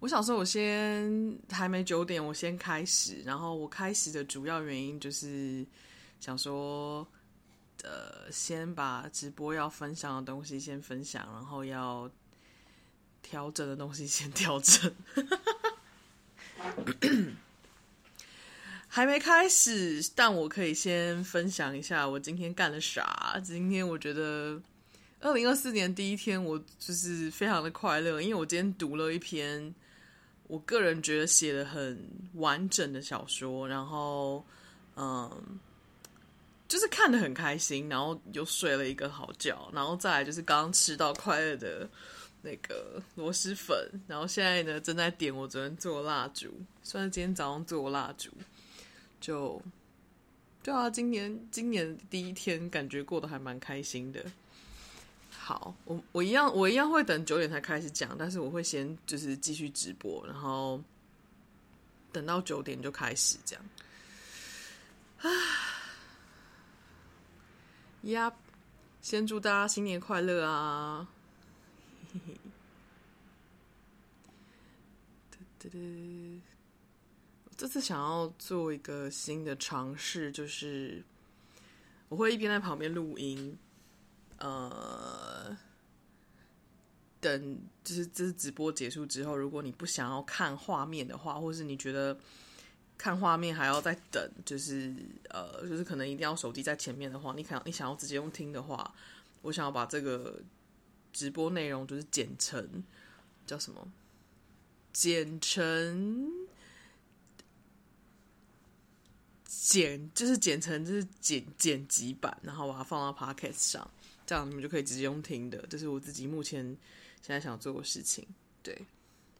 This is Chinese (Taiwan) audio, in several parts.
我想說，我先還沒九點，我先開始。然後我開始的主要原因就是想說，呃，先把直播要分享的東西先分享，然後要調整的東西先調整。 還沒開始，但我可以先分享一下我今天幹了啥。今天我覺得，二零二四年第一天，我就是非常的快樂，因為我今天讀了一篇。我個人覺得寫的很完整的小說，然後，嗯，就是看的很開心，然後又睡了一個好覺，然後再來就是剛剛吃到快樂的那個螺螄粉，然後現在呢正在點我昨天做的蠟燭，算是今天早上做的蠟燭，就，對啊，今年今年第一天感覺過得還蠻開心的。好，我我一樣，我一樣會等九點才開始講，但是我會先就是繼續直播，然後等到九點就開始講。啊呀，yep, 先祝大家新年快樂啊！噠 噠，我這次想要做一個新的嘗試，就是我會一邊在旁邊錄音。呃，等就是這是直播結束之後，如果你不想要看畫面的話，或是你覺得看畫面還要再等，就是呃，就是可能一定要手機在前面的話，你想你想要直接用聽的話，我想要把這個直播內容就是剪成叫什麼？剪成剪就是剪成就是剪剪輯版，然後把它放到 Podcast 上。這樣你們就可以直接用聽的，這、就是我自己目前現在想做的事情。對，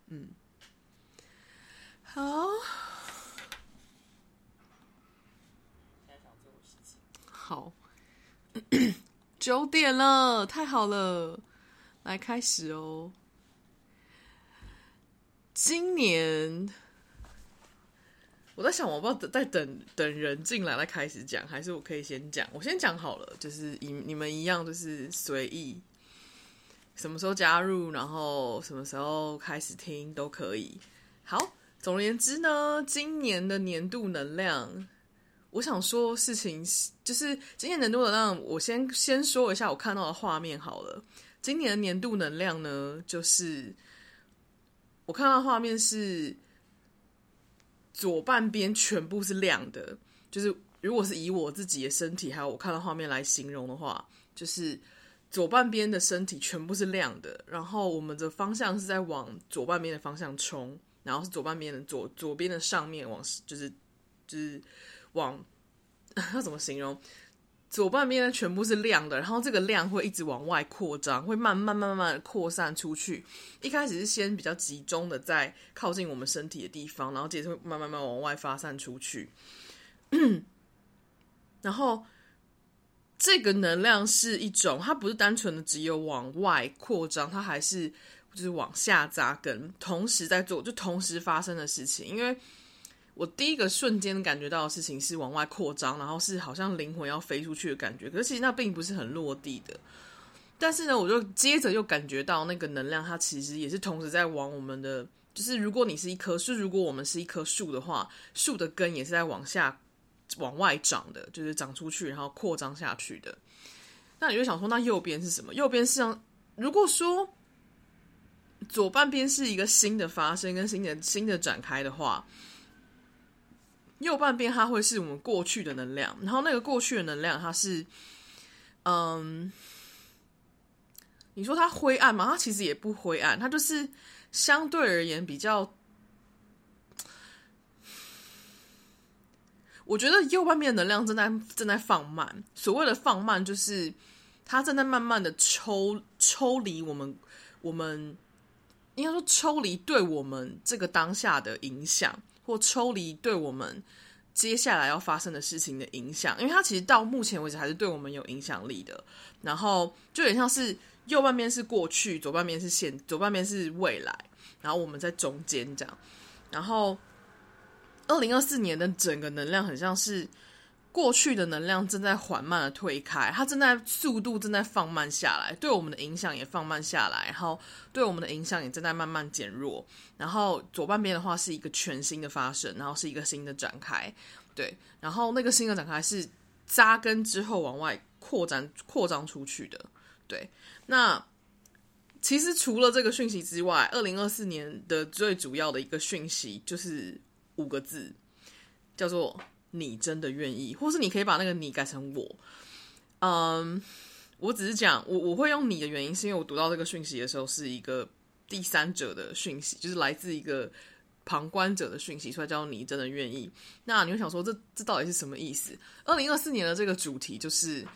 嗯，好，Hello? 現在想做的事情。好，九咳咳點了，太好了，來開始哦。今年。我在想，我不知道再等等人進來再開始講，還是我可以先講。我先講好了，就是你們一樣，就是隨意什麼時候加入，然後什麼時候開始聽都可以。好，總而言之呢，今年的年度能量，我想說事情是，就是今年年度能量，我先先說一下我看到的畫面好了。今年的年度能量呢，就是我看到的畫面是，左半邊全部是亮的，就是如果是以我自己的身體還有我看到畫面來形容的話，就是左半邊的身體全部是亮的，然後我們的方向是在往左半邊的方向衝，然後是左半邊的左左邊的上面往，就是就是往， 要怎麼形容？左半邊的全部是亮的，然後這個亮會一直往外擴張，會慢慢慢慢慢擴散出去。一開始是先比較集中的在靠近我們身體的地方，然後接着會慢慢慢慢往外發散出去。 然後這個能量是一種，它不是單純的只有往外擴張，它還是就是往下紮根，同時在做，就同時發生的事情，因為。我第一個瞬間感覺到的事情是往外擴張，然後是好像靈魂要飛出去的感覺。可是其實那並不是很落地的。但是呢，我就接着又感覺到那個能量，它其實也是同時在往我們的，就是如果你是一棵樹，如果我們是一棵樹的話，樹的根也是在往下、往外長的，就是長出去，然後擴張下去的。那你就想說，那右邊是什麼？右邊是像，如果說左半邊是一個新的發生跟新的新的展開的話。右半邊，它會是我們過去的能量，然後那個過去的能量，它是，嗯，你說它灰暗嗎？它其實也不灰暗，它就是相對而言比較。我覺得右半邊的能量正在正在放慢，所謂的放慢，就是它正在慢慢的抽抽離我們，我們應該說抽離對我們這個當下的影響。或抽離對我們接下來要發生的事情的影響，因為它其實到目前為止還是對我們有影響力的。然後就有點像是右半邊是過去，左半邊是現，左半邊是未來，然後我們在中間這樣。然後二零二四年的整個能量很像是。過去的能量正在緩慢的推開，它正在速度正在放慢下來，對我們的影響也放慢下來，然後對我們的影響也正在慢慢減弱。然後左半邊的話是一個全新的發生，然後是一個新的展開，對，然後那個新的展開是紮根之後往外擴展、擴張出去的，對。那其實除了這個訊息之外，二零二四年的最主要的一個訊息就是五個字，叫做。你真的願意，或是你可以把那個“你”改成我。嗯，um，我只是講我我會用“你的”原因，是因為我讀到這個訊息的時候是一個第三者的訊息，就是來自一個旁觀者的訊息，所以叫你真的願意。那你會想說這，這這到底是什麼意思？二零二四年的這個主題就是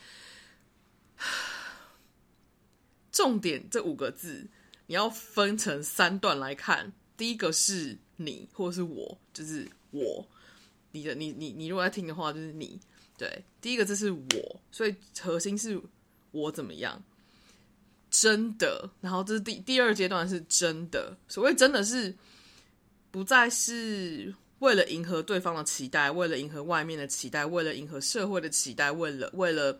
重點，這五個字你要分成三段來看。第一個是你，或者是我，就是我。你的，你你你如果在聽的話，就是你對，第一個字是我，所以核心是我。怎麼樣真的？然後這是第第二階段是真的。所謂真的是不再是為了迎合對方的期待，為了迎合外面的期待，為了迎合社會的期待，為了為了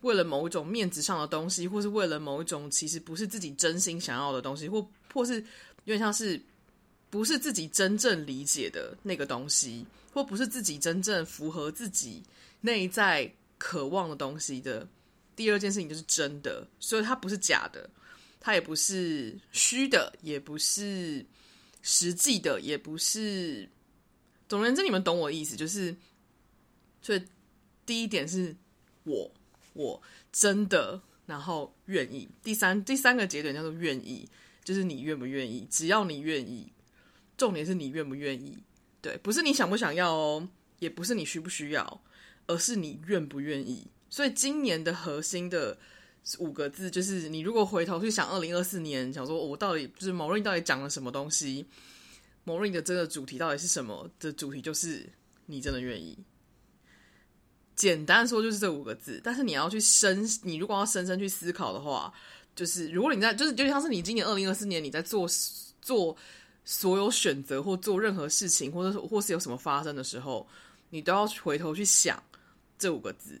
為了某一種面子上的東西，或是為了某一種其實不是自己真心想要的東西，或或是有點像是。不是自己真正理解的那個東西，或不是自己真正符合自己內在渴望的東西的第二件事情就是真的，所以它不是假的，它也不是虛的，也不是實際的，也不是。總而言之，你們懂我意思，就是。所以第一點是我，我真的，然後願意。第三第三個節點叫做願意，就是你願不願意？只要你願意。重點是你願不願意，對，不是你想不想要哦，也不是你需不需要，而是你願不願意。所以今年的核心的五個字就是：你如果回頭去想二零二四年，想說我到底就是某瑞到底講了什麼東西，某瑞的這個主題到底是什麼？的主題就是你真的願意。簡單說就是這五個字，但是你要去深，你如果要深深去思考的話，就是如果你在就是就像是你今年二零二四年你在做做。所有選擇或做任何事情或是，或者或是有什麼發生的時候，你都要回頭去想這五個字。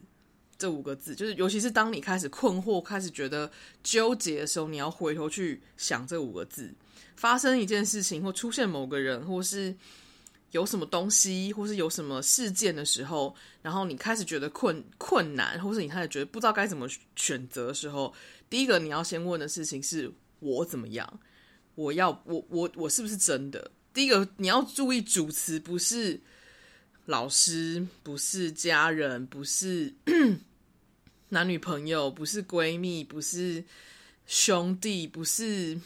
這五個字就是，尤其是當你開始困惑、開始覺得糾結的時候，你要回頭去想這五個字。發生一件事情或出現某個人，或是有什麼東西，或是有什麼事件的時候，然後你開始覺得困困難，或者你開始覺得不知道該怎麼選擇的時候，第一個你要先問的事情是我怎麼樣。我要我我我是不是真的？第一個你要注意主詞，不是老師，不是家人，不是男女朋友，不是閨蜜，不是兄弟，不是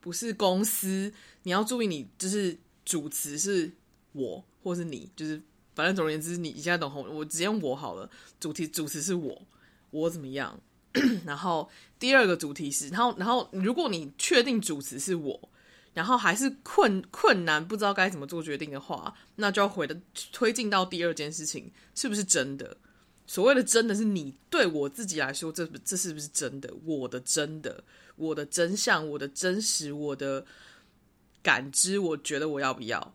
不是公司。你要注意，你就是主詞是我，或是你，就是反正總而言之，你一下懂紅，我直接用我好了。主題主詞是我，我怎麼樣？ 然後第二個主題是，然後然後如果你確定主持是我，然後還是困困難，不知道該怎麼做決定的話，那就要回的推進到第二件事情，是不是真的？所謂的真的是你對我自己來說，這這是不是真的？我的真的，我的真相，我的真實，我的感知，我覺得我要不要？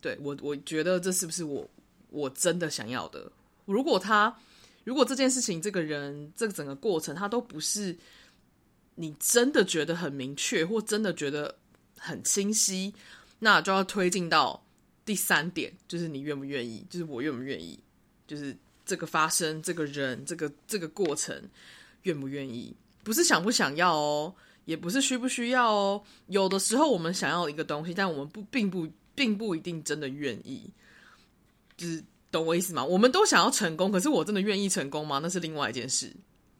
對我，我覺得這是不是我我真的想要的？如果他。如果這件事情、這個人、這個整個過程，他都不是你真的覺得很明確，或真的覺得很清晰，那就要推進到第三點，就是你願不願意，就是我願不願意，就是這個發生、這個人、這個這個過程，願不願意？不是想不想要哦，也不是需不需要哦。有的時候我們想要一個東西，但我們不並不並不一定真的願意，就是。懂我意思嗎？我們都想要成功，可是我真的願意成功嗎？那是另外一件事。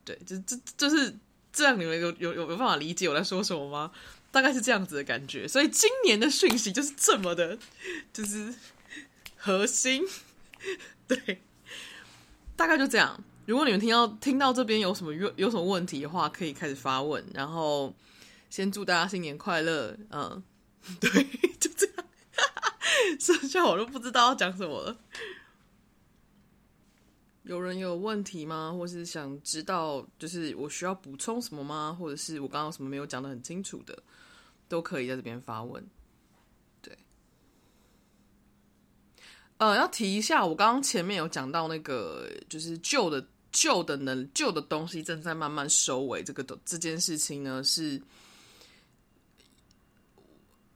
對，就就，就是這樣。你們有有有辦法理解我在說什麼嗎？大概是這樣子的感覺。所以今年的訊息就是這麼的，就是核心。對，大概就這樣。如果你們聽到聽到這邊有什麼有有什麼問題的話，可以開始發問。然後先祝大家新年快樂。嗯，對，就這樣。哈哈，剩下我都不知道要講什麼了。有人有問題嗎？或是想知道，就是我需要補充什麼嗎？或者是我剛剛什麼沒有講的很清楚的，都可以在這邊發問。對，呃，要提一下，我剛剛前面有講到那個，就是舊的、舊的能舊的東西正在慢慢收尾，這個這件事情呢，是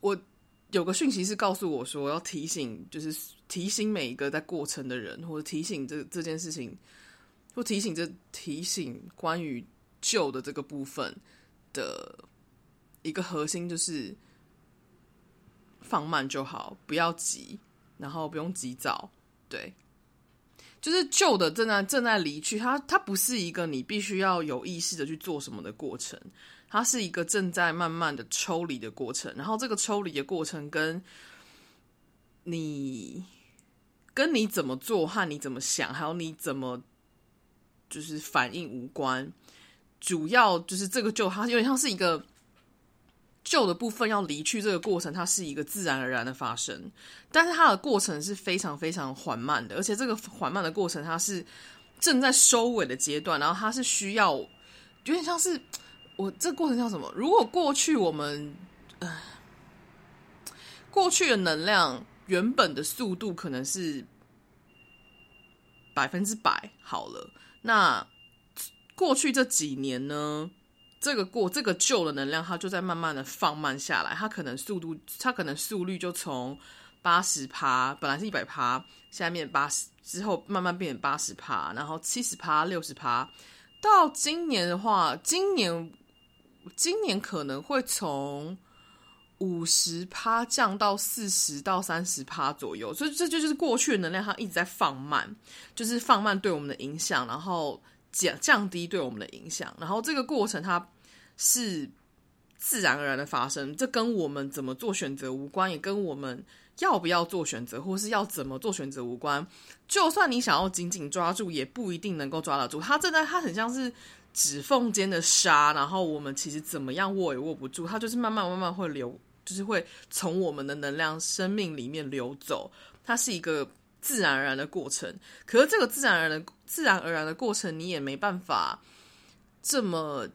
我。有個訊息是告訴我說，要提醒，就是提醒每一個在過程的人，或者提醒這這件事情，或提醒這提醒關於舊的這個部分的一個核心，就是放慢就好，不要急，然後不用急躁，對，就是舊的正在正在離去，它它不是一個你必須要有意識的去做什麼的過程。它是一個正在慢慢的抽離的過程，然後這個抽離的過程跟你跟你怎麼做和你怎麼想，還有你怎麼就是反應無關，主要就是這個舊，它有點像是一個舊的部分要離去這個過程，它是一個自然而然的發生，但是它的過程是非常非常緩慢的，而且這個緩慢的過程它是正在收尾的階段，然後它是需要有點像是。我這過程叫什麼？如果過去我們，呃，過去的能量原本的速度可能是百分之百好了。那過去這幾年呢？這個過這個舊的能量，它就在慢慢的放慢下來。它可能速度，它可能速率就從八十趴，本來是一百趴，下面八十之後慢慢變成八十趴，然後七十趴、六十趴，到今年的話，今年。今年可能會從五十趴降到四十到三十趴左右，所以這就是過去的能量它一直在放慢，就是放慢對我們的影響，然後減降低對我們的影響，然後這個過程它是自然而然的發生，這跟我們怎麼做選擇無關，也跟我們要不要做選擇，或是要怎麼做選擇無關。就算你想要緊緊抓住，也不一定能夠抓得住。它正在，它很像是。指縫間的沙，然後我們其實怎麼樣握也握不住，它就是慢慢慢慢會流，就是會從我們的能量生命裡面流走。它是一個自然而然的過程，可是這個自然而然的自然而然的過程，你也沒辦法這麼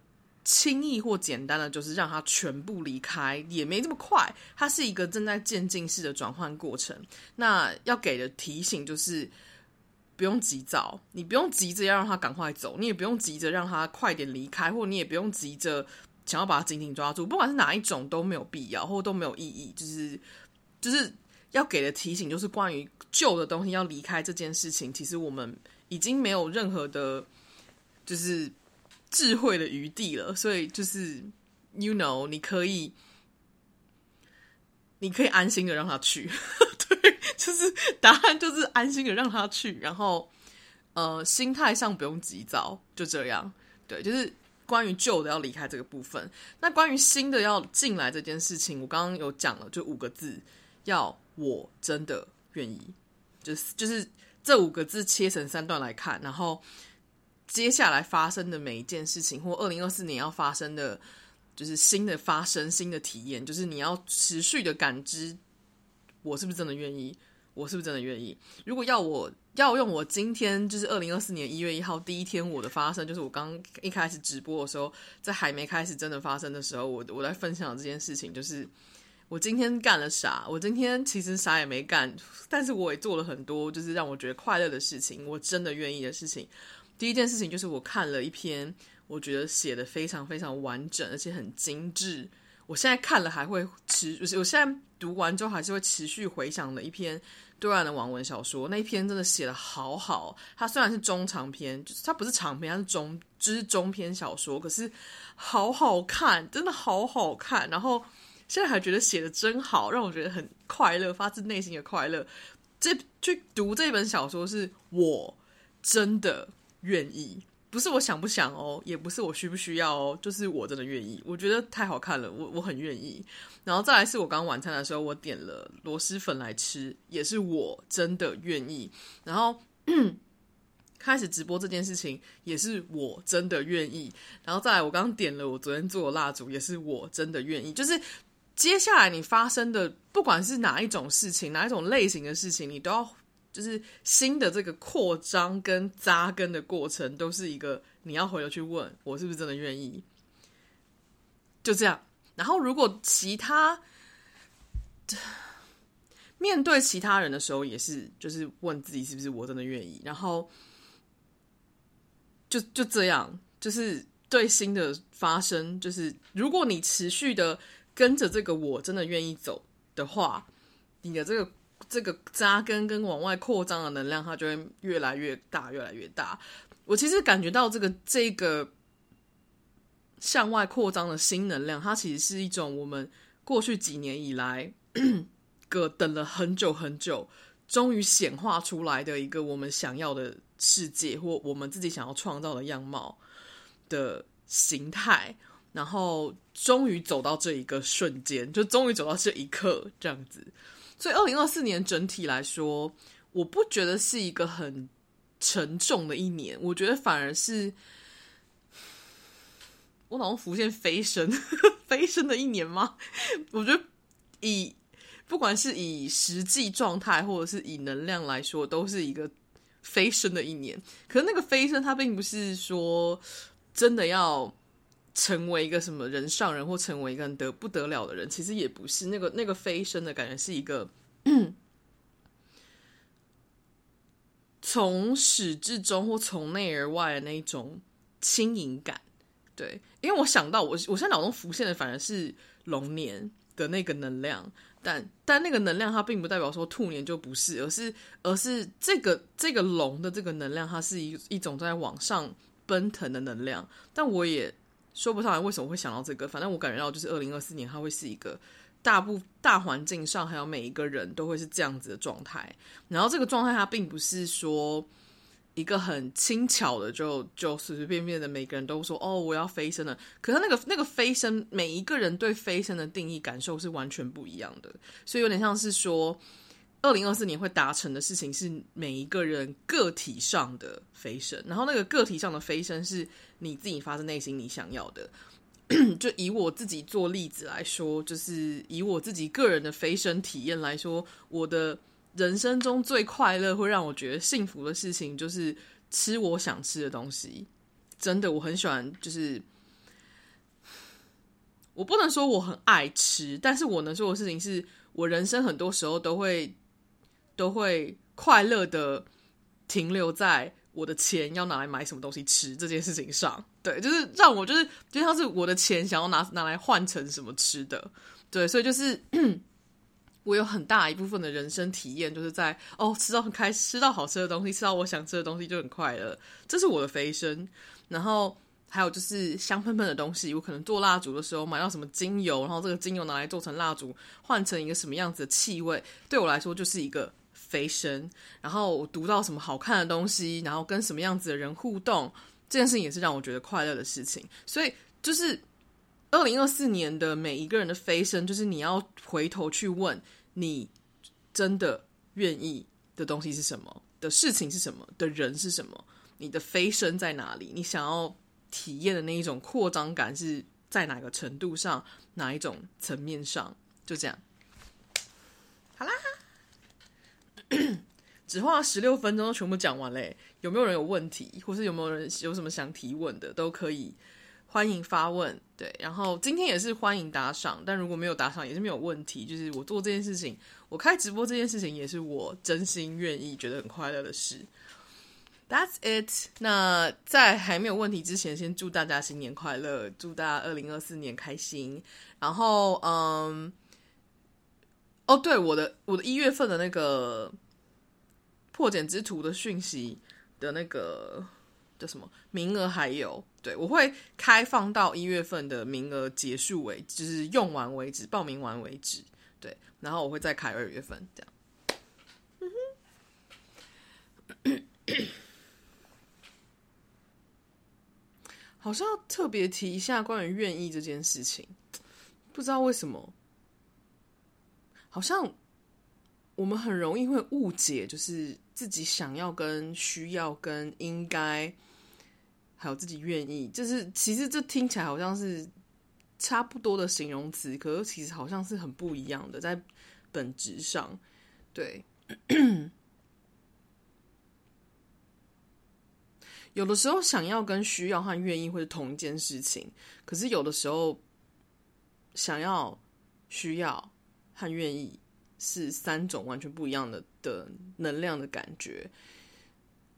輕易或簡單的，就是讓它全部離開，也沒這麼快。它是一個正在漸進式的轉換過程。那要給的提醒就是。不用急躁，你不用急着要讓他趕快走，你也不用急着讓他快點離開，或你也不用急着想要把他緊緊抓住。不管是哪一種都沒有必要，或都沒有意義。就是就是要給的提醒，就是關於舊的東西要離開這件事情，其實我們已經沒有任何的，就是智慧的餘地了。所以就是，you know，你可以。你可以安心的讓他去，對，就是答案就是安心的讓他去，然後，呃，心態上不用急躁，就這樣，對，就是關於舊的要離開這個部分，那關於新的要進來這件事情，我剛剛有講了，就五個字，要我真的願意，就是就是這五個字切成三段來看，然後接下來發生的每一件事情，或二零二四年要發生的。就是新的發生，新的體驗，就是你要持續的感知，我是不是真的願意？我是不是真的願意？如果要我，要用我今天，就是二零二四年一月一號第一天我的發生，就是我剛一開始直播的時候，在還沒開始真的發生的時候，我我在分享這件事情，就是我今天幹了啥？我今天其實啥也沒幹，但是我也做了很多，就是讓我覺得快樂的事情，我真的願意的事情。第一件事情就是我看了一篇，我覺得寫的非常非常完整，而且很精緻。我現在看了還會持，我現在讀完之後還是會持續回想的一篇對岸的網文小說。那一篇真的寫的好好，它雖然是中長篇，就是它不是長篇，它是中、就是中篇小說，可是好好看，真的好好看。然後現在還覺得寫的真好，讓我覺得很快樂，發自內心的快樂。這去讀這本小說是，是我真的願意。不是我想不想哦，也不是我需不需要哦，就是我真的願意。我覺得太好看了，我我很願意。然後再來是我剛剛晚餐的時候，我點了螺螄粉來吃，也是我真的願意。然後 開始直播這件事情，也是我真的願意。然後再來我剛剛點了我昨天做的蠟燭，也是我真的願意。就是接下來你發生的，不管是哪一種事情，哪一種類型的事情，你都要。就是新的這個擴張跟紮根的過程，都是一個你要回頭去問，我是不是真的願意？就這樣。然後如果其他面對其他人的時候，也是就是問自己是不是我真的願意？然後就就這樣，就是對新的發生，就是如果你持續的跟着這個我真的願意走的話，你的這個。這個扎根跟往外擴張的能量，它就會越來越大，越來越大。我其實感覺到這個這個向外擴張的新能量，它其實是一種我們過去幾年以來個等了很久很久，終於顯化出來的一個我們想要的世界，或我們自己想要創造的樣貌的形態，然後終於走到這一個瞬間，就終於走到這一刻，這樣子。所以，二零二四年整體來說，我不覺得是一個很沉重的一年。我覺得反而是我腦中浮現飛升、飛升的一年嗎？我覺得以不管是以實際狀態，或者是以能量來說，都是一個飛升的一年。可是那個飛升，它並不是說真的要。成為一個什麼人上人，或成為一個人得不得了的人，其實也不是那個那個飛升的感覺，是一個從始至終或從內而外的那一種輕盈感。對，因為我想到我我現在腦中浮現的反而是龍年的那個能量，但但那個能量它並不代表說兔年就不是，而是而是這個這個龍的這個能量，它是一一種在往上奔騰的能量，但我也。說不上來為什麼會想到這個，反正我感覺到就是二零二四年它會是一個大部大環境上還有每一個人都會是這樣子的狀態。然後這個狀態它並不是說一個很輕巧的就就隨隨便便的每個人都說哦我要飛升了。可是那個那個飛升，每一個人對飛升的定義感受是完全不一樣的，所以有點像是說二零二四年會達成的事情是每一個人個體上的飛升，然後那個個體上的飛升是。你自己發自內心你想要的， 就以我自己做例子來說，就是以我自己個人的飛升體驗來說，我的人生中最快樂會讓我覺得幸福的事情，就是吃我想吃的東西。真的，我很喜歡，就是我不能說我很愛吃，但是我能做的事情是，我人生很多時候都會都會快樂的停留在。我的錢要拿來買什麼東西吃這件事情上，對，就是讓我就是就像是我的錢想要拿拿來換成什麼吃的，對，所以就是 我有很大一部分的人生體驗，就是在哦吃到很開，吃到好吃的東西，吃到我想吃的東西就很快樂，這是我的飛升，然後還有就是香噴噴的東西，我可能做蠟燭的時候買到什麼精油，然後這個精油拿來做成蠟燭，換成一個什麼樣子的氣味，對我來說就是一個。飛升，然後讀到什麼好看的東西，然後跟什麼樣子的人互動，這件事情也是讓我覺得快樂的事情。所以，就是二零二四年的每一個人的飛升，就是你要回頭去問，你真的願意的東西是什麼，的事情是什麼，的人是什麼，你的飛升在哪裡？你想要體驗的那一種擴張感是在哪個程度上，哪一種層面上？就這樣，好啦。 只花了十六分鐘，都全部講完嘞。有沒有人有問題，或是有沒有人有什麼想提問的，都可以歡迎發問。對，然後今天也是歡迎打賞，但如果沒有打賞也是沒有問題。就是我做這件事情，我開直播這件事情，也是我真心願意、覺得很快樂的事。That's it。那在還沒有問題之前，先祝大家新年快樂，祝大家二零二四年開心。然後，嗯，um…… 哦，對，我的我的一月份的那個破繭之途的訊息的那個叫什麼名額還有，對，我會開放到一月份的名額結束為、就是用完為止，報名完為止，對，然後我會再開二月份，這樣。嗯哼、 好像要特別提一下關於願意這件事情，不知道為什麼。好像我們很容易會誤解，就是自己想要、跟需要、跟應該，還有自己願意，就是其實這聽起來好像是差不多的形容詞，可是其實好像是很不一樣的，在本質上，對。有的時候想要跟需要和願意會是同一件事情，可是有的時候想要需要。他願意是三種完全不一樣的的能量的感覺。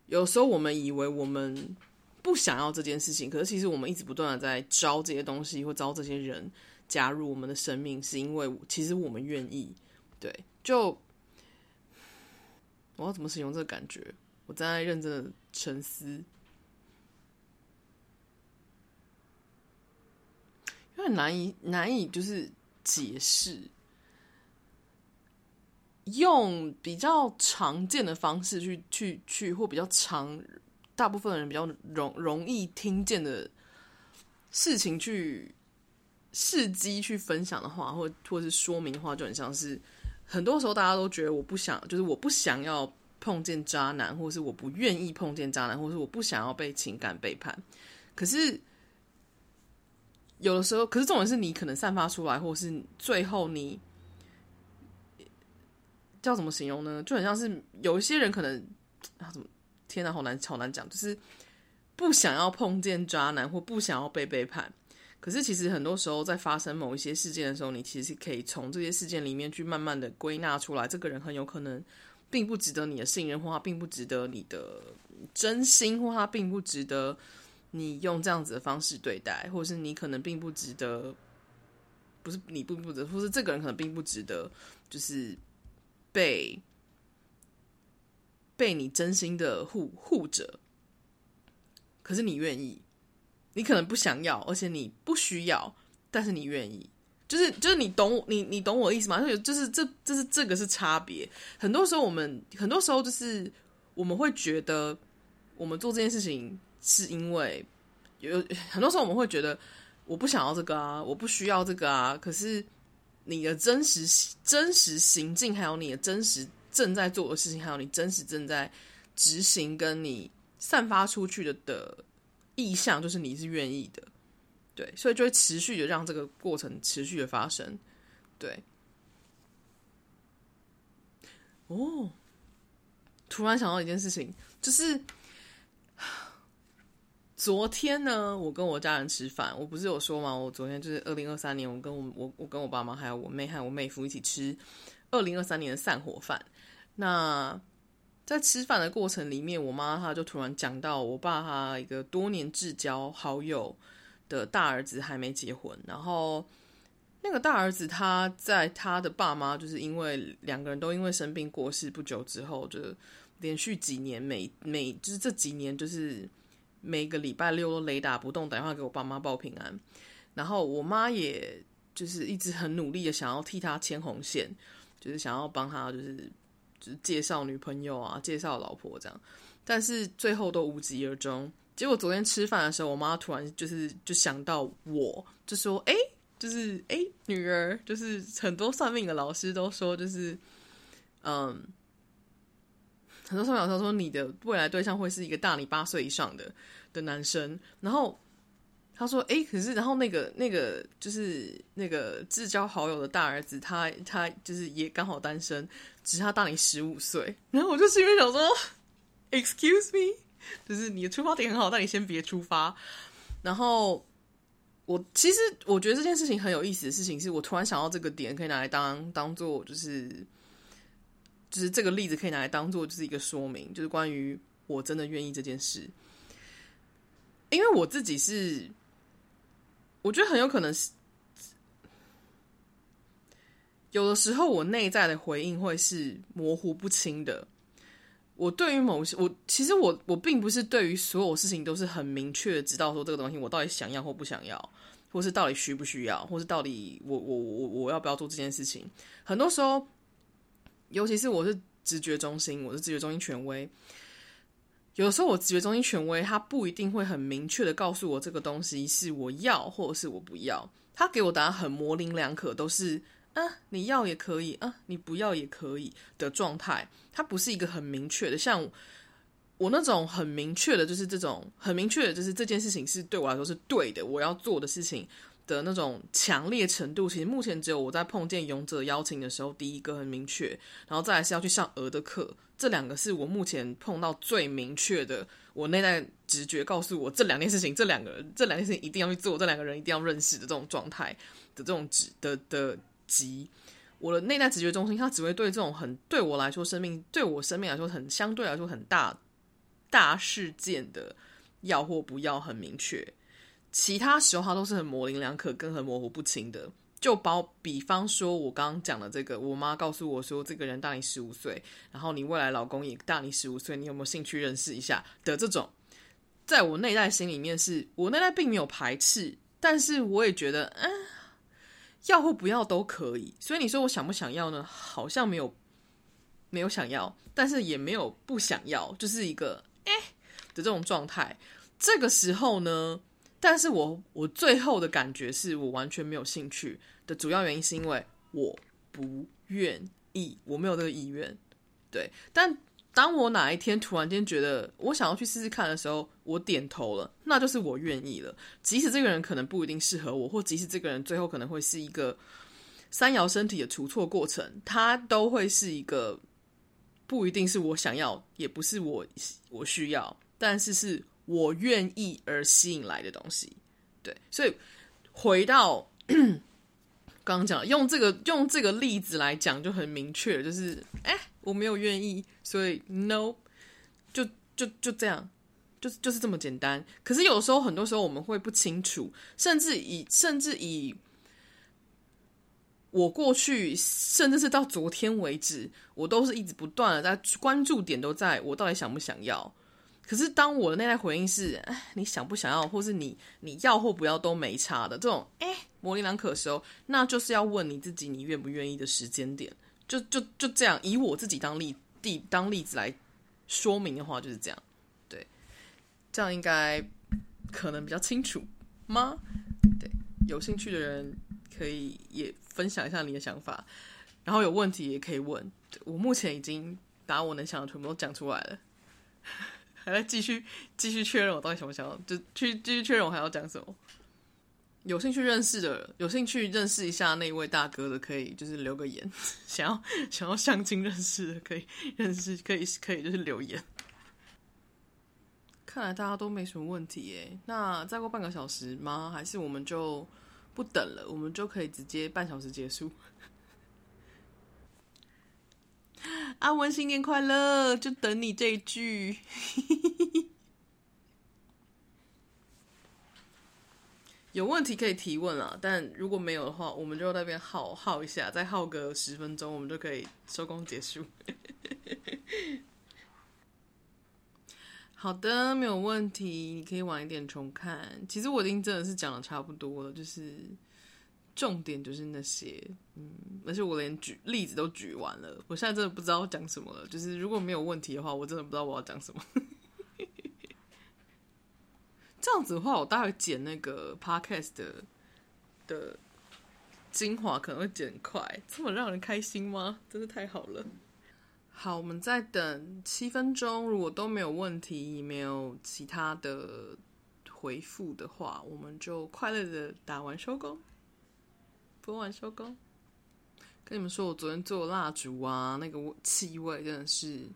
有時候我們以為我們不想要這件事情，可是其實我們一直不斷的在招這些東西，或招這些人加入我們的生命，是因為其實我們願意。對，就我要怎麼形容這個感覺？我在認真的沉思，因為難以難以就是解釋。用比較常見的方式去去去，或比較常，大部分人比較容容易聽見的事情去試機去分享的話，或或者是說明的話，就很像是很多時候大家都覺得我不想，就是我不想要碰見渣男，或者是我不願意碰見渣男，或者是我不想要被情感背叛。可是有的時候，可是重點是你可能散發出來，或者是最後你。叫怎麼形容呢？就很像是有一些人可能啊，怎麼？天哪，好難，好難講。就是不想要碰見渣男，或不想要被背叛。可是其實很多時候，在發生某一些事件的時候，你其實可以從這些事件裡面去慢慢的歸納出來，這個人很有可能並不值得你的信任，或他並不值得你的真心，或他並不值得你用這樣子的方式對待，或者是你可能並不值得，不是你並不值得，或是這個人可能並不值得，就是。被被你真心的護護着，可是你願意，你可能不想要，而且你不需要，但是你願意，就是就是你懂你你懂我的意思嗎？就是這這、就是、就是、這個是差別。很多時候我們很多時候就是我們會覺得我們做這件事情是因為有，有很多時候我們會覺得我不想要這個啊，我不需要這個啊，可是。你的真實、真實行徑，還有你的真實正在做的事情，還有你真實正在執行，跟你散發出去的的意向，就是你是願意的，對，所以就會持續的讓這個過程持續的發生，對。哦，突然想到一件事情，就是。昨天呢，我跟我家人吃飯，我不是有說嘛，我昨天就是二零二三年，我跟我我我跟我爸媽還有我妹還有我妹夫一起吃二零二三年的散夥飯。那在吃飯的過程裡面，我媽她就突然講到我爸他一個多年至交好友的大兒子還沒結婚，然後那個大兒子他在他的爸媽就是因為兩個人都因為生病過世不久之後，就連續幾年每每就是這幾年就是。每個禮拜六都雷打不動，打電話給我爸媽報平安，然後我媽也就是一直很努力的想要替他牽紅線，就是想要幫他就是就是介紹女朋友啊，介紹老婆這樣，但是最後都無疾而終。結果昨天吃飯的時候，我媽突然就是就想到我就說，哎、欸，就是哎、欸、女兒，就是很多算命的老師都說，就是嗯。很多說，他說你的未來對象會是一個大你八歲以上的的男生。然後他說：“誒、欸，可是然後那個那個就是那個至交好友的大兒子他，他他就是也剛好單身，只是他大你十五歲。”然後我就心裡想說 ，“Excuse me”，就是你的出發點很好，但你先別出發。然後我其實我覺得這件事情很有意思的事情，是我突然想到這個點，可以拿來當當做就是。就是這個例子可以拿來當做就是一個說明，就是關於我真的願意這件事，因為我自己是，我覺得很有可能是有的時候我內在的回應會是模糊不清的。我對於某些我其實我我並不是對於所有事情都是很明確的知道說這個東西我到底想要或不想要，或是到底需不需要，或是到底我我我我要不要做這件事情，很多時候。尤其是我是直覺中心，我是直覺中心權威。有時候我直覺中心權威，他不一定會很明確的告訴我這個東西是我要或者是我不要。他給我答案很模稜兩可，都是啊你要也可以，啊你不要也可以的狀態。他不是一個很明確的，像我，我那種很明確的，就是這種很明確的，就是這件事情是對我來說是對的，我要做的事情。的那種強烈程度，其實目前只有我在碰見勇者邀請的時候，第一個很明確，然後再來是要去上鵝的課，這兩個是我目前碰到最明確的。我內在直覺告訴我，這兩件事情，這兩個人，這兩件事情一定要去做，這兩個人一定要認識的這種狀態的這種指的的急，我的內在直覺中心，它只會對這種很對我來說生命對我生命來說很相對來說很大大事件的要或不要很明確。其他時候，他都是很模稜兩可，跟很模糊不清的。就包比方說，我剛剛講的這個，我媽告訴我說，這個人大你十五歲，然後你未來老公也大你十五歲，你有沒有興趣認識一下的這種，在我內在心裡面是，是我內在並沒有排斥，但是我也覺得，嗯，要或不要都可以。所以你說我想不想要呢？好像沒有，沒有想要，但是也沒有不想要，就是一個哎、欸、的這種狀態。這個時候呢？但是我我最後的感覺是我完全沒有興趣，的主要原因是因為我不願意，我沒有這個意願。對，但當我哪一天突然間覺得我想要去試試看的時候，我點頭了，那就是我願意了。即使這個人可能不一定適合我，或即使這個人最後可能會是一個三搖身體的除錯過程，它都會是一個不一定是我想要，也不是我我需要，但是是。我願意而吸引來的東西，對，所以回到剛剛講， 剛剛講了用這個用這個例子來講就很明確，就是哎、欸，我沒有願意，所以 no，就就就這樣，就是就是這麼簡單。可是有時候很多時候我們會不清楚，甚至以甚至以我過去，甚至是到昨天為止，我都是一直不斷的在關注點都在我到底想不想要。可是，當我的內在回應是“哎，你想不想要，或是你你要或不要都沒差的”這種，哎、欸，模棱兩可的時候，那就是要問你自己，你願不願意的時間點，就就就這樣。以我自己當例當例子來說明的話，就是這樣。對，這樣應該可能比較清楚嗎？對，有興趣的人可以也分享一下你的想法，然後有問題也可以問。我目前已經把我能想的全部都講出來了。還在繼續繼續確認我到底想不想要，就去繼續確認我還要講什麼。有興趣認識的，有興趣認識一下那位大哥的，可以就是留個言。想要想要相親認識的可以，可以認識可以可以就是留言。看來大家都沒什麼問題耶。那再過半個小時嗎？還是我們就不等了，我們就可以直接半小時結束。阿文新年快樂！就等你這一句。 有問題可以提問啊，但如果沒有的話，我們就在那邊耗耗一下，再耗個十分鐘，我們就可以收工結束。 好的，沒有問題，你可以晚一點重看。其實我已經真的是講得差不多了，就是。重點就是那些，嗯，而且我連舉例子都舉完了，我現在真的不知道要講什麼了。就是如果沒有問題的話，我真的不知道我要講什麼。 這樣子的話，我待會剪那個 Podcast 的的精華可能會剪很快，這麼讓人開心嗎？真的太好了。好，我們再等七分鐘，如果都沒有問題，沒有其他的回復的話，我們就快樂的打完收工。昨晚收工，跟你們說，我昨天做的蠟燭啊，那個氣味真的是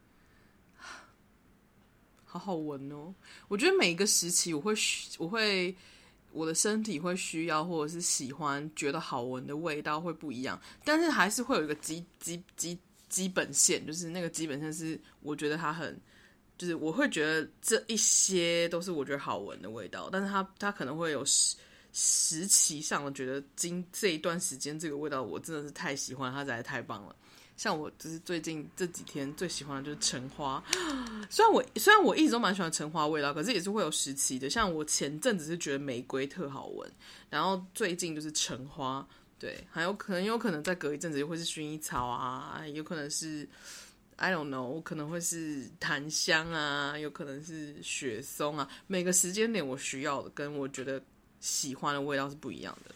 好好聞哦。我覺得每一個時期，我會需，我會我會我的身體會需要，或者是喜歡覺得好聞的味道會不一樣，但是還是會有一個基基基基,基本線，就是那個基本線是我覺得它很，就是我會覺得這一些都是我覺得好聞的味道，但是它它可能會有。時期上，我覺得今這一段時間這個味道，我真的是太喜歡，它實在太棒了。像我就是最近這幾天最喜歡的就是橙花，雖然我雖然我一直都蠻喜歡橙花味道，可是也是會有時期的。像我前陣子是覺得玫瑰特好聞，然後最近就是橙花，對，還有可能有可能再隔一陣子又會是薰衣草啊，有可能是 I don't know，我可能會是檀香啊，有可能是雪松啊，每個時間點我需要的跟我覺得。喜歡的味道是不一樣的，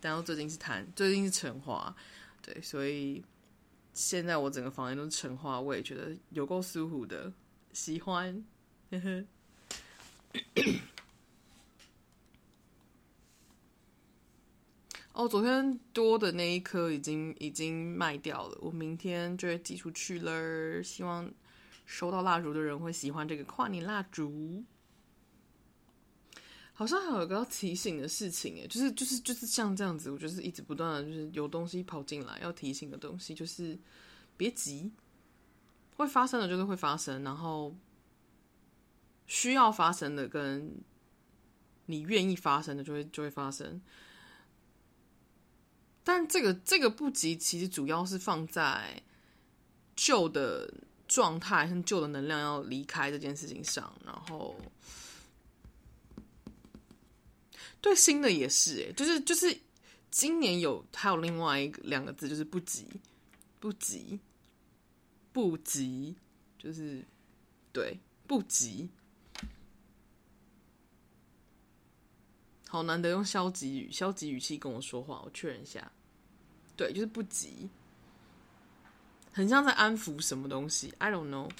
但到最近是檀，最近是橙花，對，所以現在我整個房間都是橙花味，我也覺得有夠舒服的，喜歡。 哦，昨天多的那一顆已經已經賣掉了，我明天就會寄出去了，希望收到蠟燭的人會喜歡這個跨年蠟燭。好像還有一個要提醒的事情誒，就是就是就是像這樣子，我就是一直不斷的，就是有東西跑進來要提醒的東西，就是別急，會發生的就是會發生，然後需要發生的跟你願意發生的就會就會發生。但這個這個不急，其實主要是放在舊的狀態跟舊的能量要離開這件事情上，然後。對，新的也是，哎，就是就是，今年有還有另外一個，兩個字，就是不急，不急，不急，就是對，不急。好難得用消極語消極語氣跟我說話，我確認一下，對，就是不急，很像在安撫什麼東西，I don't know。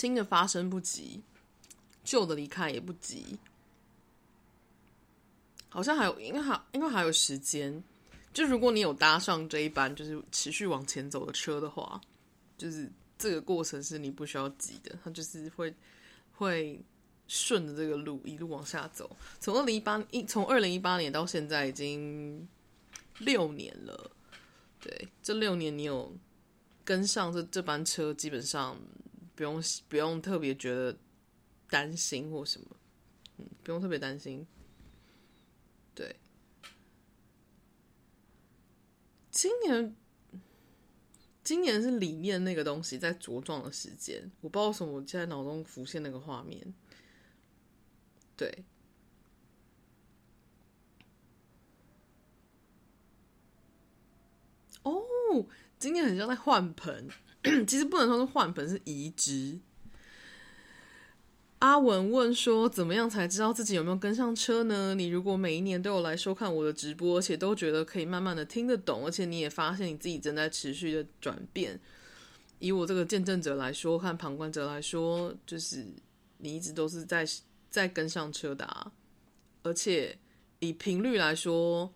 新的發生不急，舊的離開也不急。好像還有，應該還應該還有時間。就如果你有搭上這一班，就是持續往前走的車的話，就是這個過程是你不需要急的。它就是會會順着這個路一路往下走。從二零一八一從二零一八年到現在已經六年了。對，這六年你有跟上這這班車，基本上。不用不用特別覺得擔心或什麼，嗯，不用特別擔心。對，今年，今年是裡面那個東西在茁壯的時間。我不知道為什麼，我現在腦中浮現那個畫面。對，哦，今年很像在換盆。 其實不能說是換盆，是移植。阿文問說：“怎麼樣才知道自己有沒有跟上車呢？”你如果每一年都有來收看我的直播，而且都覺得可以慢慢的聽得懂，而且你也發現你自己正在持續的轉變。以我這個見證者來說，和旁觀者來說，就是你一直都是在在跟上車的，啊。而且以頻率來說，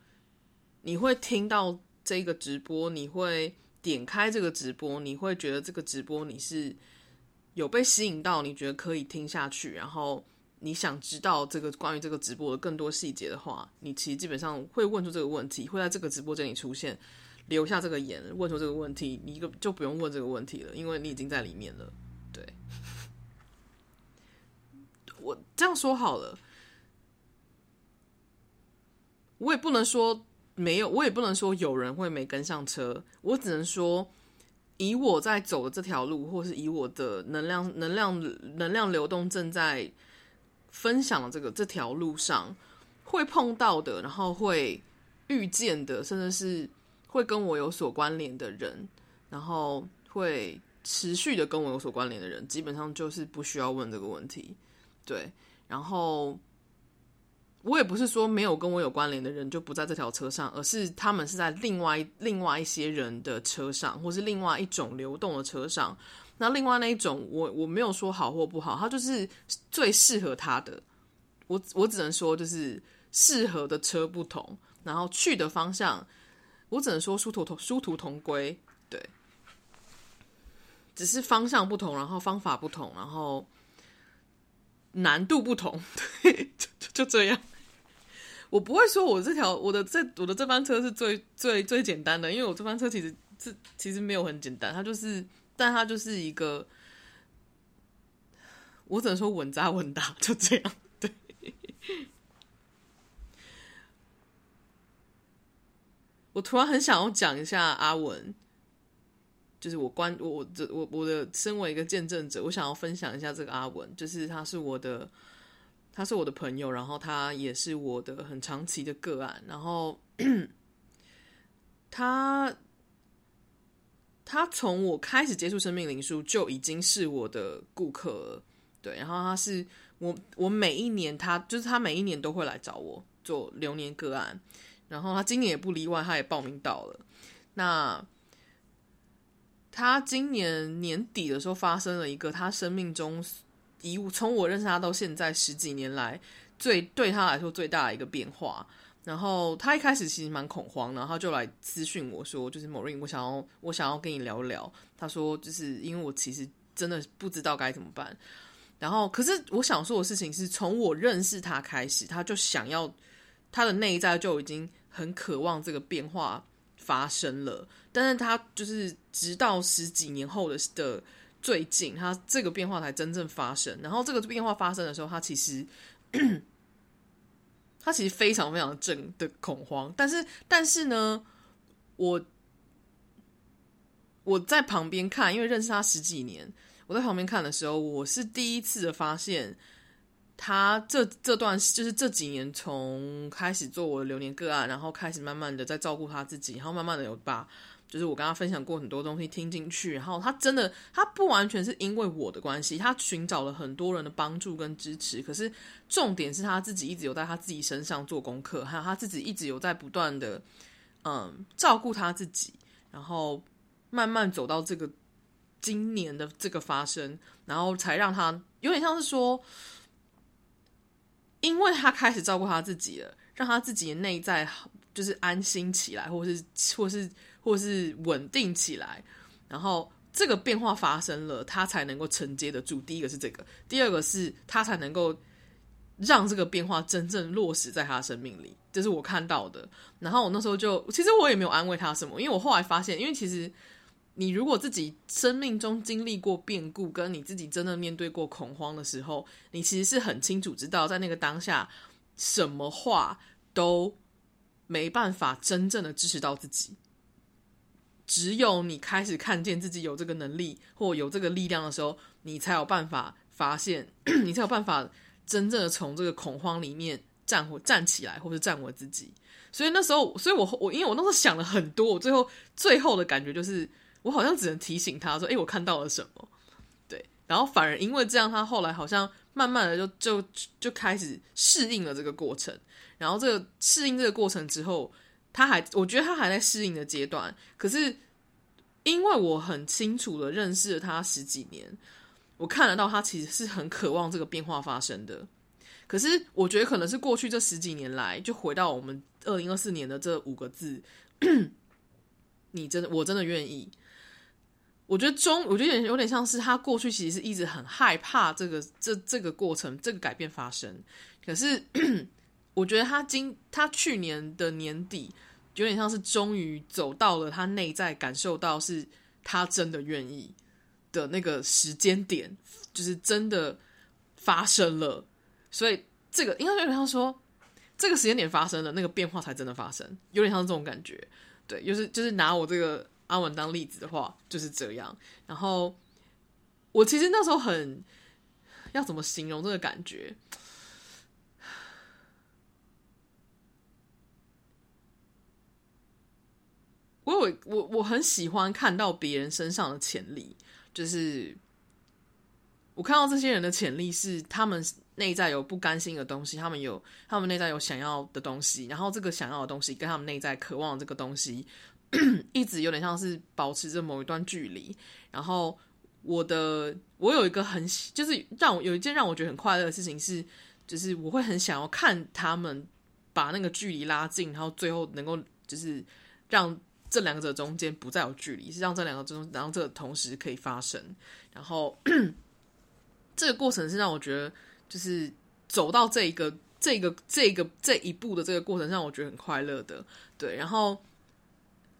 你會聽到這個直播，你會。點開這個直播，你會覺得這個直播你是有被吸引到，你覺得可以聽下去，然後你想知道這個關於這個直播的更多細節的話，你其實基本上會問出這個問題，會在這個直播間裡出現，留下這個言，問出這個問題，你一個就不用問這個問題了，因為你已經在裡面了。對，我這樣說好了，我也不能說。沒有，我也不能說有人會沒跟上車。我只能說，以我在走的這條路，或是以我的能量、能量、能量流動正在分享的這個這條路上，會碰到的，然後會遇見的，甚至是會跟我有所關聯的人，然後會持續的跟我有所關聯的人，基本上就是不需要問這個問題。對，然後。我也不是說沒有跟我有關聯的人就不在這條車上，而是他們是在另外另外一些人的車上，或是另外一種流動的車上。那另外那一種我，我我沒有說好或不好，他就是最適合他的。我我只能說，就是適合的車不同，然後去的方向，我只能說殊途同殊途同歸。對，只是方向不同，然後方法不同，然後難度不同。對，就就這樣。我不會說，我這條我的這我的這班車是最最最簡單的，因為我這班車其實是其實沒有很簡單，它就是，但它就是一個，我只能說穩扎穩打，就這樣。對。我突然很想要講一下阿文，就是我關，我我我的身為一個見證者，我想要分享一下這個阿文，就是他是我的。他是我的朋友，然後他也是我的很長期的個案。然後他他從我開始接觸生命靈數就已經是我的顧客了，對。然後他是我我每一年他就是他每一年都會來找我做流年個案，然後他今年也不例外，他也報名到了。那他今年年底的時候發生了一個他生命中。從我，我認識他到現在十幾年來，最對他來說最大的一個變化。然後他一開始其實蠻恐慌，然後他就來諮詢我說：“就是某人，我想要我想要跟你聊聊。”他說：“就是因為我其實真的不知道該怎麼辦。”然後，可是我想說的事情是從我認識他開始，他就想要他的內在就已經很渴望這個變化發生了，但是他就是直到十幾年後的的。最近他這個變化才真正發生，然後這個變化發生的時候，他其實他其實非常非常的正的恐慌，但是但是呢，我我在旁邊看，因為認識他十幾年，我在旁邊看的時候，我是第一次的發現，他這這段就是這幾年從開始做我的流年個案，然後開始慢慢的在照顧他自己，然後慢慢的有把。就是我跟他分享過很多東西，聽進去，然後他真的，他不完全是因為我的關係，他尋找了很多人的幫助跟支持。可是重點是他自己一直有在他自己身上做功課，還有他自己一直有在不斷的，嗯，照顧他自己，然後慢慢走到這個今年的這個發生，然後才讓他有點像是說，因為他開始照顧他自己了，讓他自己的內在就是安心起來，或是，或是。或是穩定起來，然後這個變化發生了，他才能夠承接得住。第一個是這個，第二個是他才能夠讓這個變化真正落實在他的生命裡，這是我看到的。然後我那時候就，其實我也沒有安慰他什麼，因為我後來發現，因為其實你如果自己生命中經歷過變故，跟你自己真的面對過恐慌的時候，你其實是很清楚知道，在那個當下，什麼話都沒辦法真正的支持到自己。只有你開始看見自己有這個能力或有這個力量的時候，你才有辦法發現， 你才有辦法真正的從這個恐慌裡面站或站起來，或是站穩自己。所以那時候，所以我我因為我那時候想了很多，我最後最後的感覺就是，我好像只能提醒他說：“誒、欸，我看到了什麼？”對，然後反而因為這樣，他後來好像慢慢的就就就開始適應了這個過程。然後這個適應這個過程之後。他還，我覺得他還在適應的階段。可是，因為我很清楚的認識了他十幾年，我看得到他其實是很渴望這個變化發生的。可是，我覺得可能是過去這十幾年來，就回到我們二零二四年的這五個字， 你真的，我真的願意。我覺得中，我覺得有點，有點像是他過去其實是一直很害怕這個，這這個過程，這個改變發生。可是。 我覺得他今他去年的年底，有點像是終於走到了他內在感受到是他真的願意的那個時間點，就是真的發生了。所以這個應該有點像說，這個時間點發生了，那個變化才真的發生，有點像這種感覺。對，就是就是拿我這個阿文當例子的話，就是這樣。然後我其實那時候很要怎麼形容這個感覺？我我我我很喜歡看到別人身上的潛力，就是我看到這些人的潛力是他們內在有不甘心的東西，他們有他們內在有想要的東西，然後這個想要的東西跟他們內在渴望的這個東西， 一直有點像是保持着某一段距離。然後我的我有一個很喜就是讓我有一件讓我覺得很快樂的事情是，就是我會很想要看他們把那個距離拉近，然後最後能夠就是讓。這兩者中間不再有距離，是讓這兩個中，然後這個同時可以發生。然後這個過程是讓我覺得，就是走到這一個、這一個、這一個這一步的這個過程，讓我覺得很快樂的。對，然後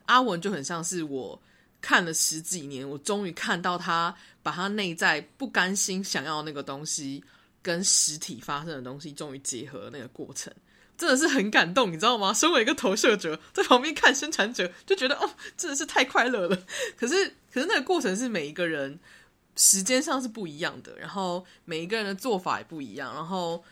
阿文就很像是我看了十幾年，我終於看到他把他內在不甘心想要那個東西，跟實體發生的東西，終於結合那個過程。真的是很感動，你知道嗎？身為一個投射者，在旁邊看生產者，就覺得哦，真的是太快樂了。可是，可是那個過程是每一個人時間上是不一樣的，然後每一個人的做法也不一樣，然後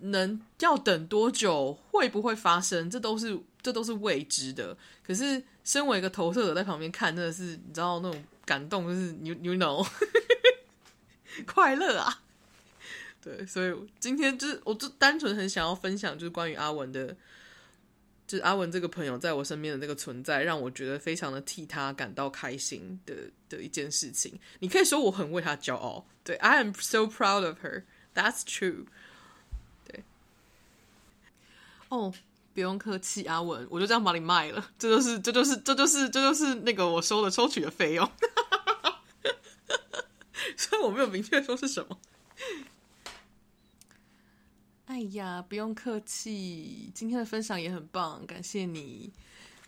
能要等多久，會不會發生，這都是這都是未知的。可是，身為一個投射者在旁邊看，真的是你知道那種感動，就是 you you know， 快樂啊。對，所以今天就是，我就單純很想要分享，就是關於阿文的，就是阿文這個朋友在我身邊的那個存在，讓我覺得非常的替他感到開心的的一件事情。你可以說我很為他驕傲，對，I am so proud of her，that's true。對，哦，oh, 不用客氣，阿文，我就這樣把你賣了，這就是，這就是，這就是，這就是那個我收的收取的費用， 所以我沒有明確說是什麼。哎呀，不用客氣。今天的分享也很棒，感謝你。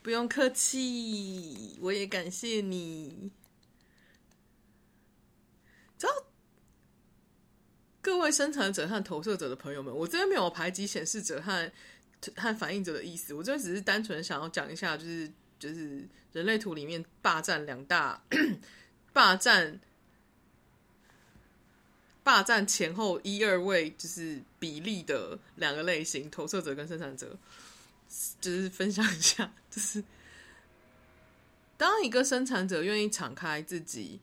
不用客氣，我也感謝你。只要各位生產者和投射者的朋友們，我這邊沒有排擠顯示者和和反應者的意思。我這邊只是單純想要講一下，就是就是人類圖裡面霸占兩大 霸占。霸佔前後一二位，就是比例的兩個類型：投射者跟生產者。就是分享一下，就是當一個生產者願意敞開自己，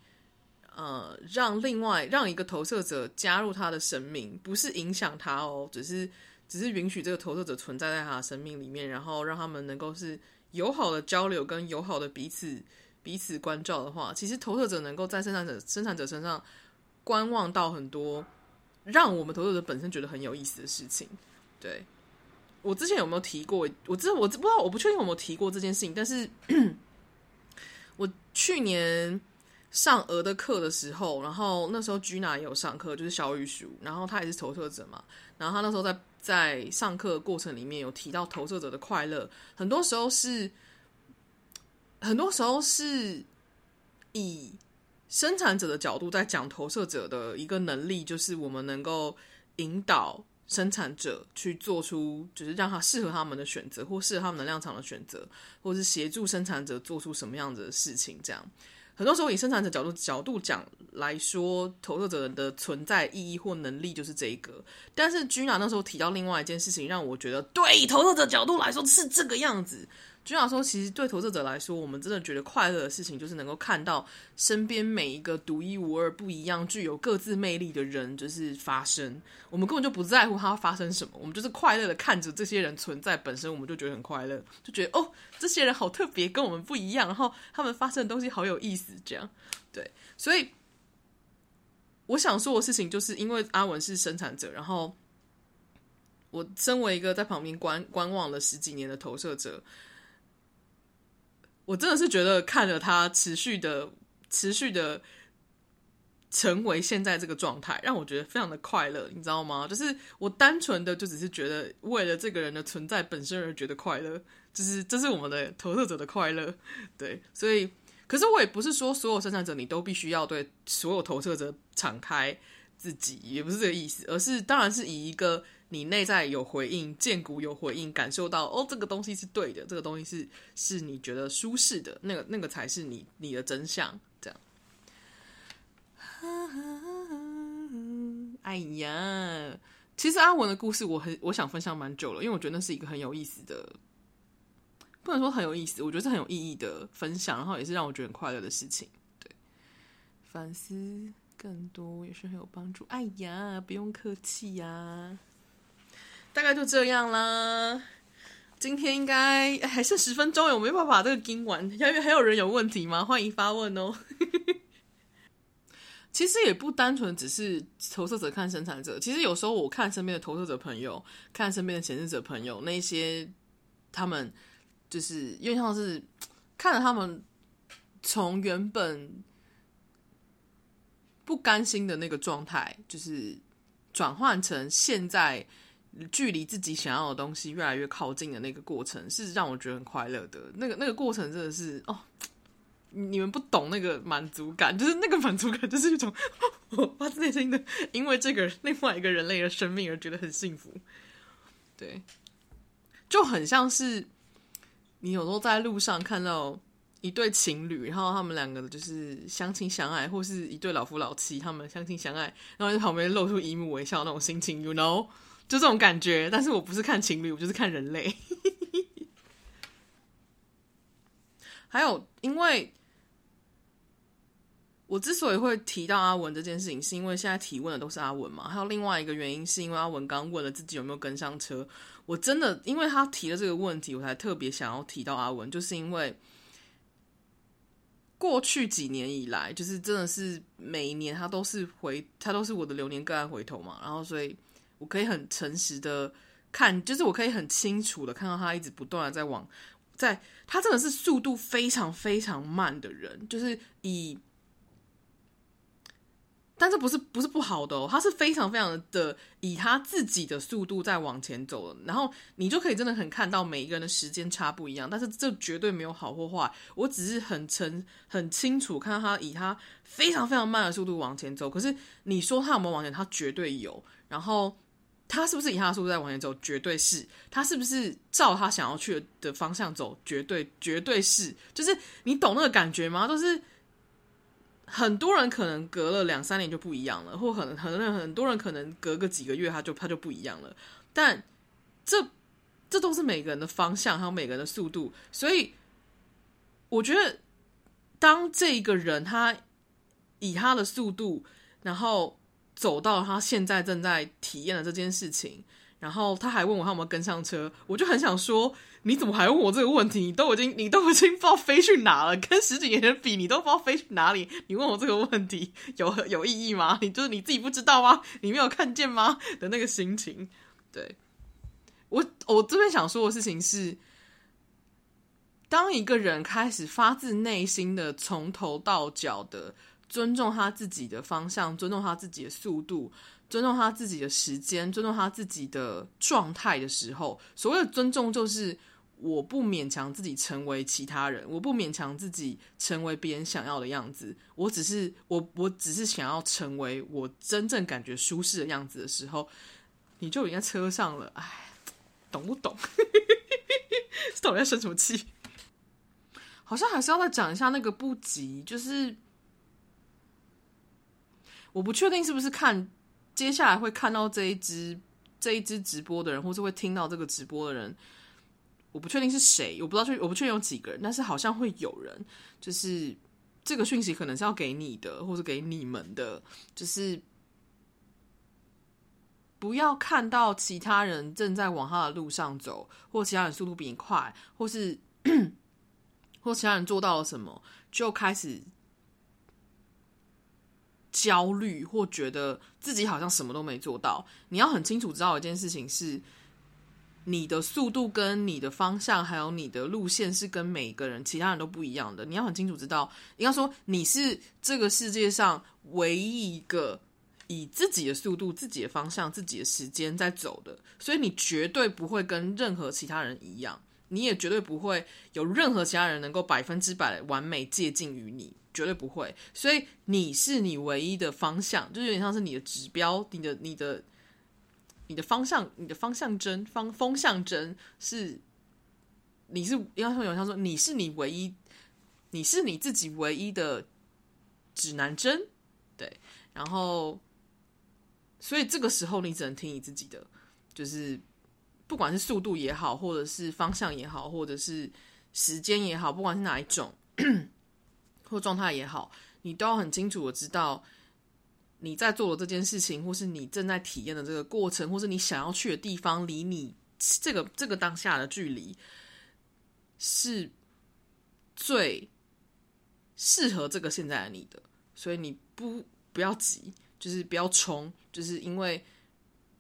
呃，讓另外讓一個投射者加入他的生命，不是影響他哦，只是只是允許這個投射者存在在他的生命裡面，然後讓他們能夠是友好的交流跟友好的彼此彼此關照的話，其實投射者能夠在生產者生產者身上，觀望到很多讓我們投射者本身覺得很有意思的事情。對，我之前有沒有提過？我知我知不知道，我不確定有沒有提過這件事情。但是 我去年上鵝的課的時候，然後那時候 n 娜也有上課，就是小雨叔，然後他也是投射者嘛。然後他那時候在在上課的過程裡面有提到投射者的快樂，很多時候是，很多時候是以，生產者的角度在講投射者的一個能力，就是我們能夠引導生產者去做出，就是讓他適合他們的選擇，或適合他們能量場的選擇，或是協助生產者做出什麼樣子的事情。這樣，很多時候以生產者角度角度講來說，投射者的存在意義或能力就是這一個。但是，Gina 那時候提到另外一件事情，讓我覺得對投射者角度來說是這個樣子。就想說，其實對投射者來說，我們真的覺得快樂的事情，就是能夠看到身邊每一個獨一無二、不一樣、具有各自魅力的人，就是發生。我們根本就不在乎他發生什麼，我們就是快樂的看着這些人存在本身，我們就覺得很快樂，就覺得哦，這些人好特別，跟我們不一樣，然後他們發生的東西好有意思。這樣，對，所以我想說的事情，就是因為阿文是生產者，然後我身為一個在旁邊觀觀望了十幾年的投射者。我真的是覺得看了他持續的、持續的成為現在這個狀態，讓我覺得非常的快樂，你知道嗎？就是我單純的就只是覺得為了這個人的存在本身而覺得快樂，就是這是、就是我們的投射者的快樂，對。所以，可是我也不是說所有生產者你都必須要對所有投射者敞開自己，也不是這個意思，而是當然是以一個。你內在有回應，見骨有回應，感受到哦，這個東西是對的，這個東西是是你覺得舒適的，那個那個才是你你的真相。這樣。 哎呀，其實阿文的故事，我很我想分享蠻久了，因為我覺得那是一個很有意思的，不能說很有意思，我覺得是很有意義的分享，然後也是讓我覺得很快樂的事情。對，反思更多也是很有幫助。哎呀，不用客氣呀。大概就這樣啦。今天應該還剩十分鐘，我沒辦法把這個聽完，因為還有人有問題嗎？歡迎發問哦。 其實也不單純只是投射者看生產者，其實有時候我看身邊的投射者朋友，看身邊的顯示者朋友，那些他們就是，因為像是看了他們從原本不甘心的那個狀態，就是轉換成現在。距離自己想要的東西越來越靠近的那個過程，是讓我覺得很快樂的那個那個過程，真的是哦，你們不懂那個滿足感，就是那個滿足感，就是一種發自內心的，因為這個另外一個人類的生命而覺得很幸福。對，就很像是你有時候在路上看到一對情侶，然後他們兩個就是相親相愛，或是一對老夫老妻，他們相親相愛，然後在旁邊露出姨母微笑那種心情，you know。就這種感覺，但是我不是看情侶，我就是看人類。 還有，因為我之所以會提到阿文這件事情，是因為現在提問的都是阿文嘛。還有另外一個原因，是因為阿文剛問了自己有沒有跟上車，我真的因為他提的這個問題，我才特別想要提到阿文，就是因為過去幾年以來，就是真的是每一年他都是回，他都是我的流年個案回頭嘛，然後所以。我可以很誠實的看，就是我可以很清楚的看到他一直不斷的在往，在他真的是速度非常非常慢的人，就是以，但這不是不是不好的哦，他是非常非常的以他自己的速度在往前走的，然後你就可以真的很看到每一個人的時間差不一樣，但是這絕對沒有好或壞，我只是很誠很清楚看到他以他非常非常慢的速度往前走，可是你說他有沒有往前，他絕對有，然後。他是不是以他的速度在往前走？絕對是。他是不是照他想要去的方向走？絕對，絕對是。就是你懂那個感覺嗎？就是很多人可能隔了兩三年就不一樣了，或很很多人很多人可能隔個幾個月他就他就不一樣了。但這這都是每個人的方向還有每個人的速度。所以我覺得，當這一個人他以他的速度，然後。走到他現在正在體驗的這件事情，然後他還問我他有沒有跟上車，我就很想說：你怎麼還問我這個問題？你都已經你都已經不知道飛去哪了，跟十幾年前比，你都不知道飛去哪裡，你問我這個問題有有意義嗎？你就是你自己不知道嗎？你沒有看見嗎？的那個心情，對我我這邊想說的事情是：當一個人開始發自內心的從頭到腳的。尊重他自己的方向，尊重他自己的速度，尊重他自己的時間，尊重他自己的狀態的時候，所謂的尊重就是我不勉強自己成為其他人，我不勉強自己成為別人想要的樣子，我只是我我只是想要成為我真正感覺舒適的樣子的時候，你就已經在車上了，哎，懂不懂？到底 在生什麼氣？好像還是要再講一下那個不急，就是。我不確定是不是看接下來會看到這一支這一支直播的人，或是會聽到這個直播的人，我不確定是誰，我不知道，我不確定有幾個人，但是好像會有人，就是這個訊息可能是要給你的，或者給你們的，就是不要看到其他人正在往他的路上走，或其他人速度比你快，或是 或其他人做到了什麼，就開始。焦慮或覺得自己好像什麼都沒做到，你要很清楚知道一件事情是：你的速度、跟你的方向、還有你的路線是跟每一個人、其他人都不一樣的。你要很清楚知道，應該說你是這個世界上唯一一個以自己的速度、自己的方向、自己的時間在走的，所以你絕對不會跟任何其他人一樣，你也絕對不會有任何其他人能夠百分之百完美接近於你。絕對不會，所以你是你唯一的方向，就是有點像是你的指標，你的你的你的方向，你的方向針，方風向針是，你是，剛剛有像說你是你唯一，你是你自己唯一的指南針，對，然後，所以這個時候你只能聽你自己的，就是不管是速度也好，或者是方向也好，或者是時間也好，不管是哪一種。 或狀態也好，你都要很清楚的知道，你在做的這件事情，或是你正在體驗的這個過程，或是你想要去的地方，離你這個這個當下的距離，是最適合這個現在的你的。所以你不不要急，就是不要衝，就是因為。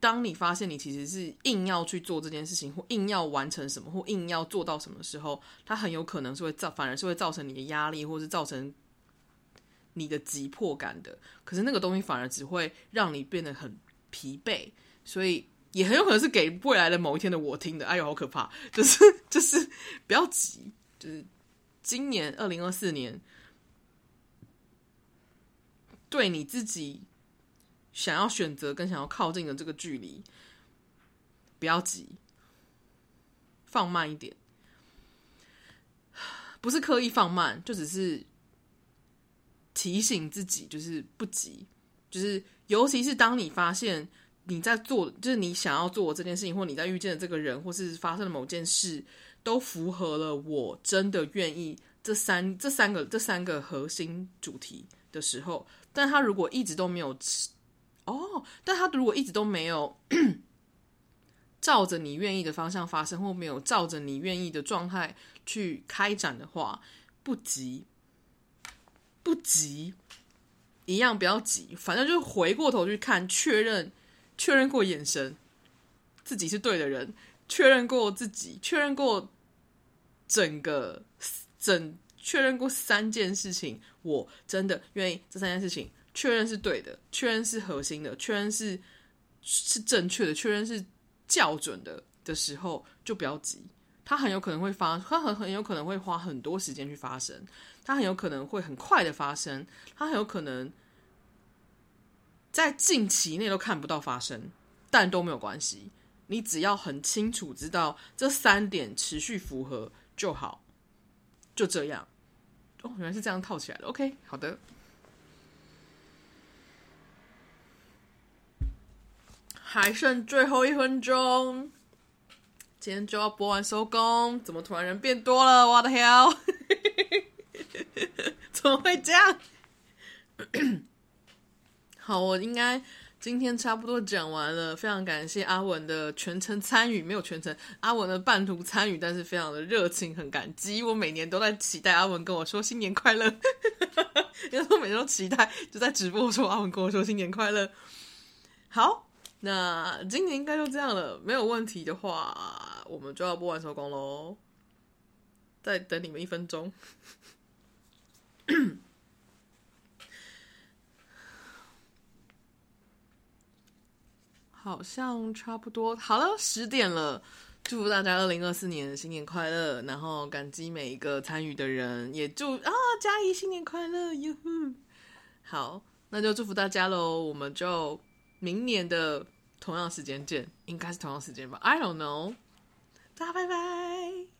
當你發現你其實是硬要去做這件事情，或硬要完成什麼，或硬要做到什麼時候，它很有可能是會造，反而是會造成你的壓力，或是造成你的急迫感的。可是那個東西反而只會讓你變得很疲憊，所以也很有可能是給未來的某一天的我聽的。哎呦，好可怕！就是就是不要急，就是今年二零二四年對你自己，想要選擇跟想要靠近的這個距離，不要急，放慢一點，不是刻意放慢，就只是提醒自己，就是不急，就是尤其是當你發現你在做，就是你想要做這件事情，或你在遇見的這個人，或是發生的某件事，都符合了我真的願意這三這三個這三個核心主題的時候，但他如果一直都沒有。哦，oh, 但他如果一直都沒有 照着你願意的方向發生，或沒有照着你願意的狀態去開展的話，不急，不急，一樣不要急。反正就是回過頭去看，確認，確認過眼神，自己是對的人，確認過自己，確認過整個，整，確認過三件事情，我真的願意，這三件事情。確認是對的，確認是核心的，確認是是正確的，確認是校準的的時候，就不要急。它很有可能會發，它很很有可能會花很多時間去發生，它很有可能會很快的發生，它很有可能在近期內都看不到發生，但都沒有關係。你只要很清楚知道這三點持續符合就好，就這樣。哦，原來是這樣套起來的。OK，好的。還剩最後一分鐘，今天就要播完收工。怎麼突然人變多了？What the hell？ 怎麼會這樣？ 好，我應該今天差不多講完了。非常感謝阿文的全程參與，沒有全程，阿文的半途參與，但是非常的熱情，很感激。我每年都在期待阿文跟我說新年快樂，因為我每天都期待，就在直播說阿文跟我說新年快樂。好。那今年應該就這樣了，沒有問題的話，我們就要播完收工嘍。再等你們一分鐘， 好像差不多好了，十點了。祝福大家二零二四年新年快樂，然後感激每一個參與的人，也祝啊佳怡新年快樂喲。好，那就祝福大家嘍，我們就明年的。同樣時間見，應該是同樣時間吧？I don't know。大家拜拜。